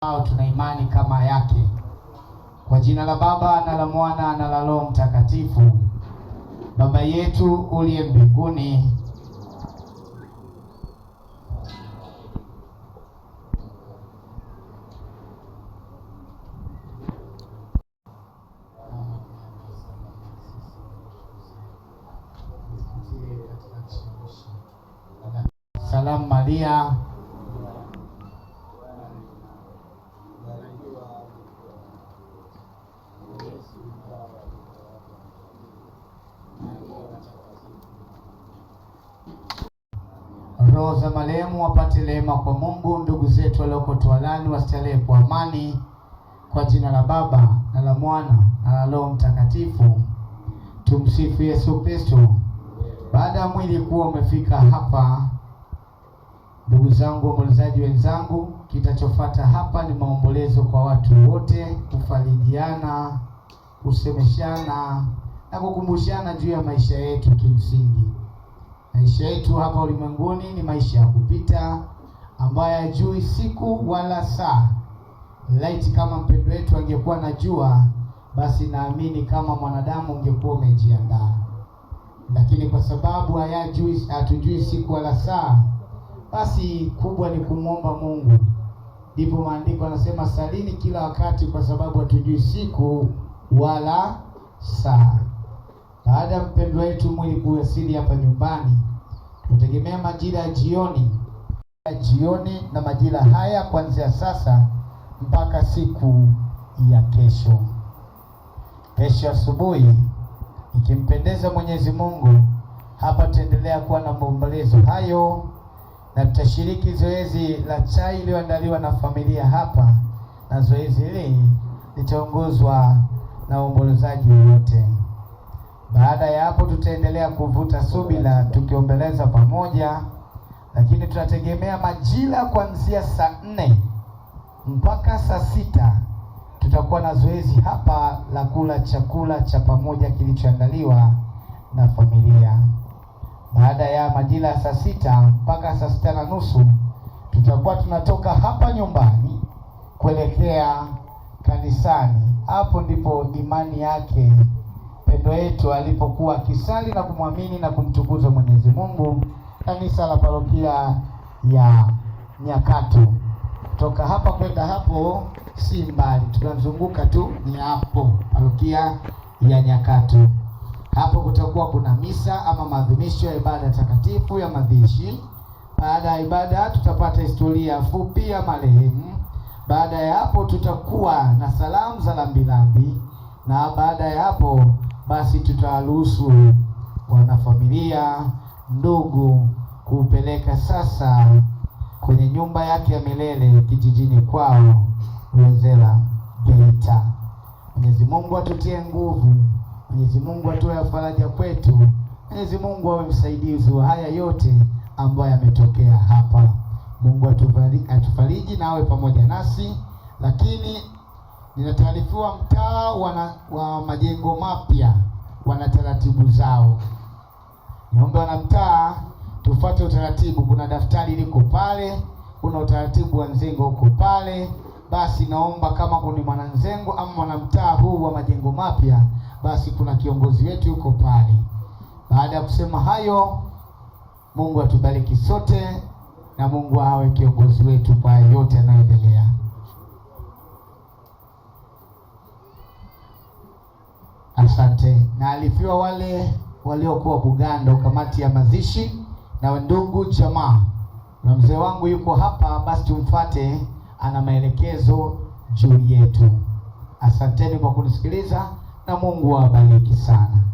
ao tuna imani kama yake. Kwa jina la Baba na la Mwana na la Roho Mtakatifu. Baba yetu uliye mbinguni, Salamu Maria roho za marehemu wapate rehema kwa Mungu. Ndugu zetu walioko twalani wastarehe kwa amani, kwa jina la Baba na la Mwana na la Roho Mtakatifu. Tumsifu Yesu Kristo. Baada ya mwili kuwa umefika hapa, ndugu zangu, waombolezaji wenzangu, kitachofuata hapa ni maombolezo kwa watu wote, kufarijiana, kusemeshana na kukumbushana juu ya maisha yetu kimsingi Maisha yetu hapa ulimwenguni ni maisha ya kupita, ambayo hayajui siku wala saa. Laiti kama mpendo wetu angekuwa na jua, basi naamini kama mwanadamu ungekuwa umejiandaa, lakini kwa sababu hayajui, hatujui siku wala saa, basi kubwa ni kumwomba Mungu. Ndipo maandiko anasema salini kila wakati, kwa sababu hatujui siku wala saa. Baada ya mpendwa wetu mwili kuwasili hapa nyumbani, tutegemea majira ya jioni ya jioni na majira haya kuanzia sasa mpaka siku ya kesho, kesho asubuhi, ikimpendeza Mwenyezi Mungu, hapa tutaendelea kuwa na maombolezo hayo na tutashiriki zoezi la chai iliyoandaliwa na familia hapa, na zoezi hili litaongozwa na waombolezaji wote. Baada ya hapo, tutaendelea kuvuta subira tukiombeleza pamoja, lakini tunategemea majira kuanzia saa nne mpaka saa sita tutakuwa na zoezi hapa la kula chakula cha pamoja kilichoandaliwa na familia. Baada ya majira ya saa sita mpaka saa sita na nusu tutakuwa tunatoka hapa nyumbani kuelekea kanisani. Hapo ndipo imani yake Petro yetu alipokuwa akisali na kumwamini na kumtukuza Mwenyezi Mungu. Kanisa la parokia ya Nyakatu, toka hapa kwenda hapo si mbali, tunazunguka tu, ni hapo parokia ya Nyakatu. Hapo kutakuwa kuna misa ama maadhimisho ya ibada takatifu ya madhishi. Baada ya ibada tutapata historia fupi ya marehemu. Baada ya hapo tutakuwa na salamu za lambilambi, na baada ya hapo basi tutaruhusu wanafamilia, ndugu kuupeleka sasa kwenye nyumba yake ya milele kijijini kwao Luenzela Geita. Mwenyezi Mungu atutie nguvu, Mwenyezi Mungu atoe faraja kwetu, Mwenyezi Mungu awe msaidizi wa haya yote ambayo yametokea hapa. Mungu atufariji na awe pamoja nasi, lakini Ninataarifiwa mtaa wana, wa majengo mapya wana taratibu zao. Niombe mtaa tufuate utaratibu. Kuna daftari liko pale, kuna utaratibu wa Nzengo huko pale. Basi naomba kama kuna mwananzengo ama mwanamtaa huu wa majengo mapya, basi kuna kiongozi wetu yuko pale. Baada ya kusema hayo, Mungu atubariki sote na Mungu awe kiongozi wetu kwa yote yanayoendelea. Asante. Na alifiwa wale waliokuwa Buganda, kamati ya mazishi na ndugu jamaa. Na mzee wangu yuko hapa, basi tumfuate, ana maelekezo juu yetu. Asanteni kwa kunisikiliza na Mungu awabariki sana.